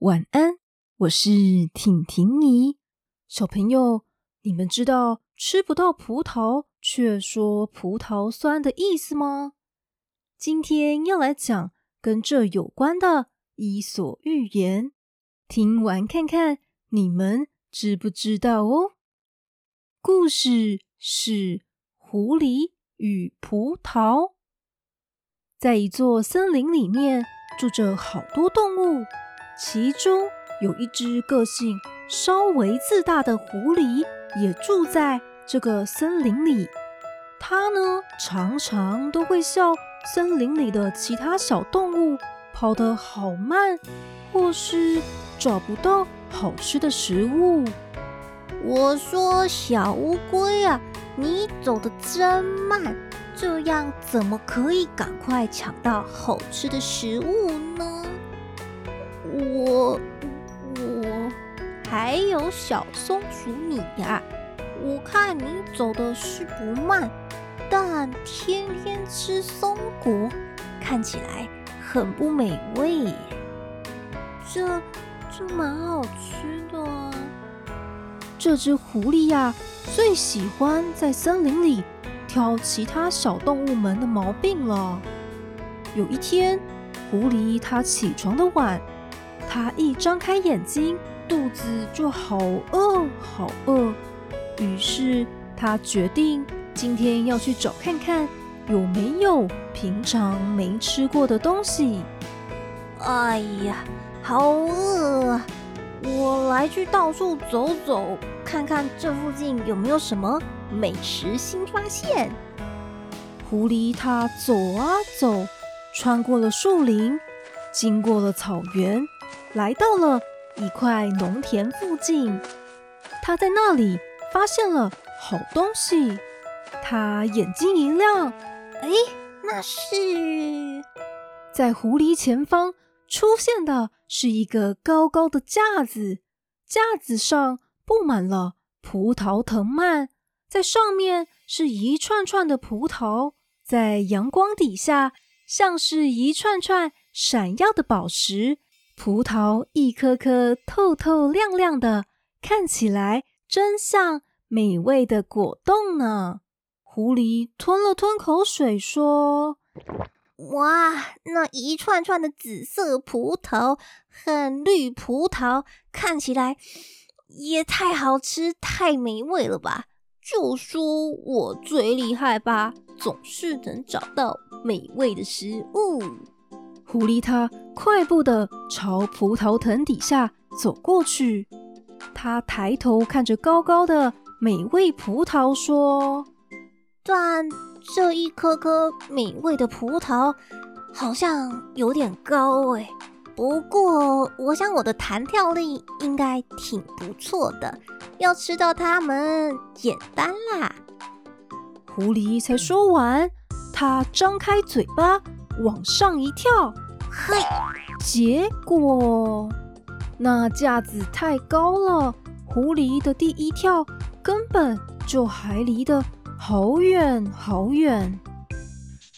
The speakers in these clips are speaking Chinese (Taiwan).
晚安，我是婷婷姨。小朋友，你們知道吃不到葡萄卻說葡萄酸的意思嗎？今天要來講跟這有關的《伊索寓言》，聽完看看你們知不知道哦。故事是狐狸與葡萄。在一座森林裡面，住着好多動物。其中有一隻個性稍微自大的狐狸，也住在這個森林裡。它呢，常常都會笑森林裡的其他小動物跑得好慢，或是找不到好吃的食物。我說：“小烏龜啊，你走得真慢，這樣怎麼可以趕快搶到好吃的食物呢？”我我還有小松鼠你呀、啊，我看你走的是不慢，但天天吃松果，看起來很不美味。這這蠻好吃的、啊。這隻狐狸呀、啊，最喜歡在森林裡挑其他小動物們的毛病了。有一天，狐狸它起床的晚。他一張開眼睛，肚子就好餓，好餓。於是他決定今天要去找看看有沒有平常沒吃過的東西。哎呀，好餓啊！我來去到處走走，看看這附近有沒有什麼美食新發現。狐狸他走啊走，穿過了樹林，經過了草原。來到了一塊農田附近，他在那裡發現了好東西。他眼睛一亮，哎，那是？在狐狸前方出現的是一個高高的架子，架子上布滿了葡萄藤蔓，在上面是一串串的葡萄，在陽光底下，像是一串串閃耀的寶石。葡萄一顆顆透透亮亮的，看起來真像美味的果凍呢。狐狸吞了吞口水，說：“哇，那一串串的紫色葡萄，很綠葡萄看起來也太好吃、太美味了吧！就說我最厲害吧，總是能找到美味的食物。”狐狸它快步地朝葡萄藤底下走過去，它抬頭看着高高的美味葡萄，說：“但這一顆顆美味的葡萄好像有點高欸，不過我想我的彈跳力應該挺不錯的，要吃到它們簡單啦。”狐狸才說完，它張開嘴巴。往上一跳，嘿，結果那架子太高了，狐狸的第一跳根本就還離得好遠好遠。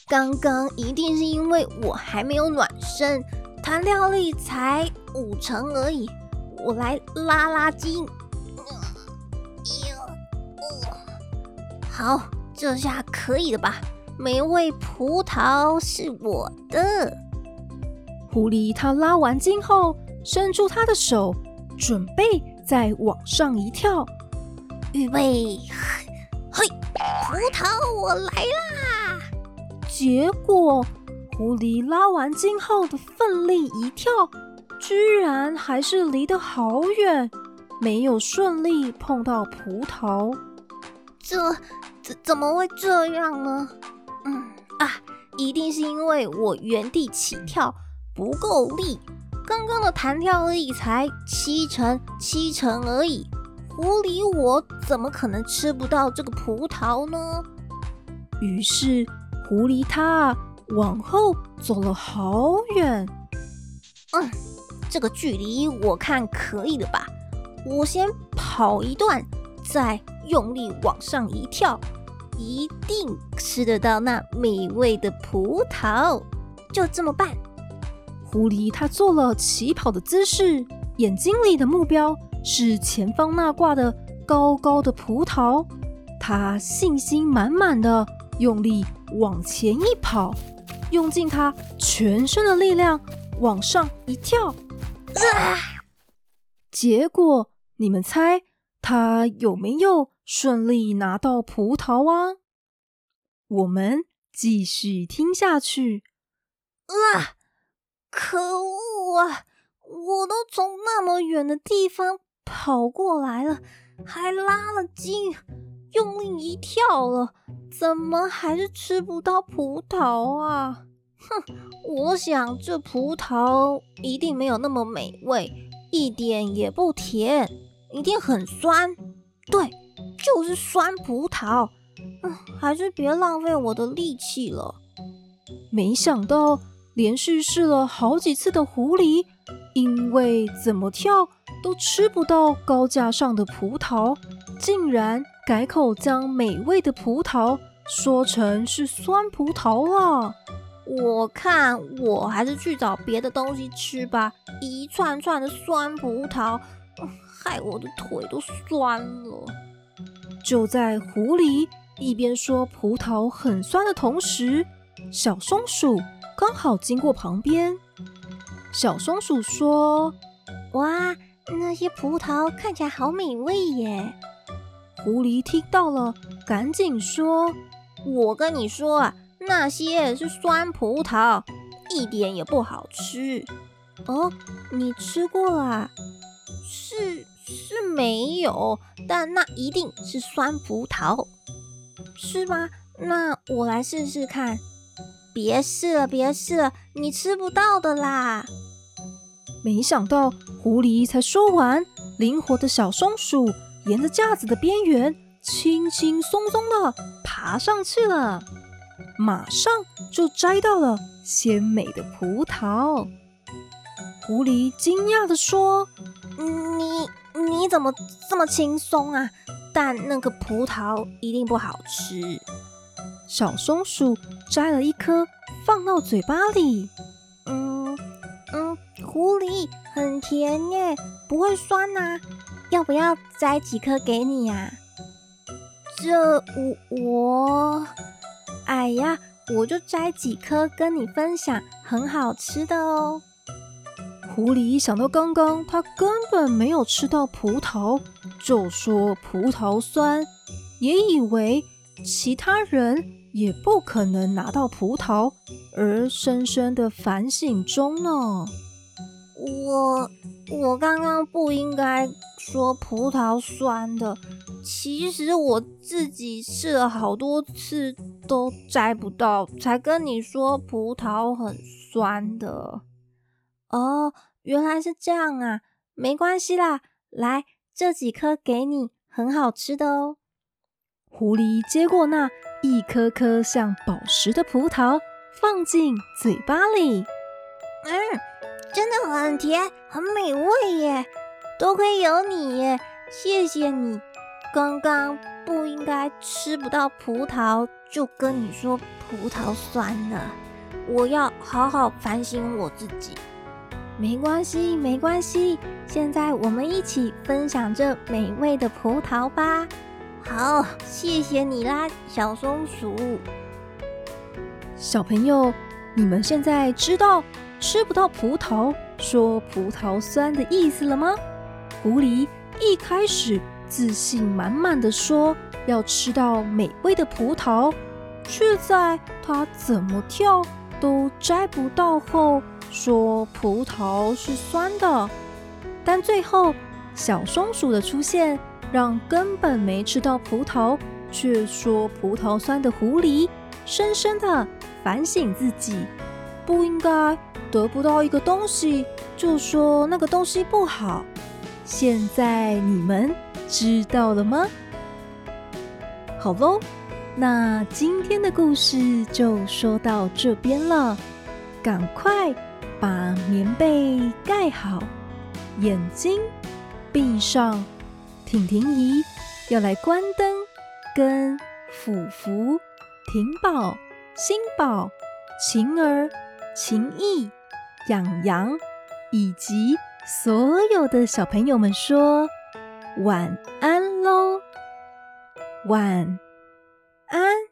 剛剛一定是因為我還沒有暖身，彈跳力才五成而已。我來拉拉筋，好，這下可以了吧？美味葡萄是我的。狐狸，他拉完筋後，伸出他的手，準備再往上一跳。預備，嘿，葡萄，我來啦！結果，狐狸拉完筋後的奮力一跳，居然還是離得好遠，沒有順利碰到葡萄。這，怎怎麼會這樣呢？一定是因為我原地起跳不夠力，剛剛的彈跳力才七成七成而已。狐狸，我怎麼可能吃不到這個葡萄呢？於是，狐狸它往後走了好遠。嗯，這個距離我看可以的吧？我先跑一段，再用力往上一跳。一定吃得到那美味的葡萄，就這麼辦。狐狸它做了起跑的姿勢，眼睛裡的目標是前方那掛的高高的葡萄，它信心滿滿的用力往前一跑，用盡它全身的力量往上一跳。啊。結果你們猜它有沒有？順利拿到葡萄啊！我們繼續聽下去。啊！可惡啊！我都從那麼遠的地方跑過來了，還拉了筋，用力一跳了，怎麼還是吃不到葡萄啊？哼！我想這葡萄一定沒有那麼美味，一點也不甜，一定很酸。對。就是酸葡萄，嗯、呃，還是別浪費我的力氣了。沒想到連續試了好幾次的狐狸，因為怎麼跳都吃不到高架上的葡萄，竟然改口將美味的葡萄說成是酸葡萄了。我看我還是去找別的東西吃吧，一串串的酸葡萄，呃，害我的腿都酸了。就在狐狸一邊說葡萄很酸的同時，小松鼠剛好經過旁邊。小松鼠說：“哇，那些葡萄看起來好美味耶！”狐狸聽到了，趕緊說：“我跟你說啊，那些是酸葡萄，一點也不好吃。”哦，你吃過啊？是沒有，但那一定是酸葡萄。是嗎？那我來試試看。別試了，別試了，你吃不到的啦。沒想到狐狸才說完，靈活的小松鼠沿着架子的邊緣，輕輕鬆鬆地爬上去了，馬上就摘到了鮮美的葡萄。狐狸驚訝地說：“你。”你怎麼這麼輕鬆啊？但那個葡萄一定不好吃。小松鼠摘了一顆，放到嘴巴裡。嗯嗯，狐狸很甜耶，不會酸吶。要不要摘幾顆給你呀？這我我，哎呀，我就摘幾顆跟你分享，很好吃的哦。狐狸想到剛剛他根本沒有吃到葡萄，就說葡萄酸，也以為其他人也不可能拿到葡萄，而深深的反省中呢。我我剛剛不應該說葡萄酸的，其實我自己試了好多次都摘不到，才跟你說葡萄很酸的。哦，原來是這樣啊，沒關係啦，來，這幾顆給你，很好吃的哦。狐狸接過那一顆顆像寶石的葡萄，放進嘴巴裡，嗯，真的很甜，很美味耶。多虧有你耶，謝謝你。剛剛不應該吃不到葡萄就跟你說葡萄酸了，我要好好反省我自己。沒關係，沒關係。現在我們一起分享這美味的葡萄吧。好，謝謝你啦，小松鼠。小朋友，你們現在知道吃不到葡萄說葡萄酸的意思了嗎？狐狸一開始自信滿滿的說要吃到美味的葡萄，卻在它怎麼跳都摘不到後。說葡萄是酸的，但最後小松鼠的出現，讓根本沒吃到葡萄卻說葡萄酸的狐狸，深深的反省自己，不應該得不到一個東西就說那個東西不好。現在你們知道了嗎？好嘍，那今天的故事就說到這邊了，趕快。把棉被蓋好，眼睛閉上，婷婷姨要來關燈，跟福福、庭寶、芯寶、晴兒、晴奕、暘暘以及所有的小朋友們說晚安嘍，晚安。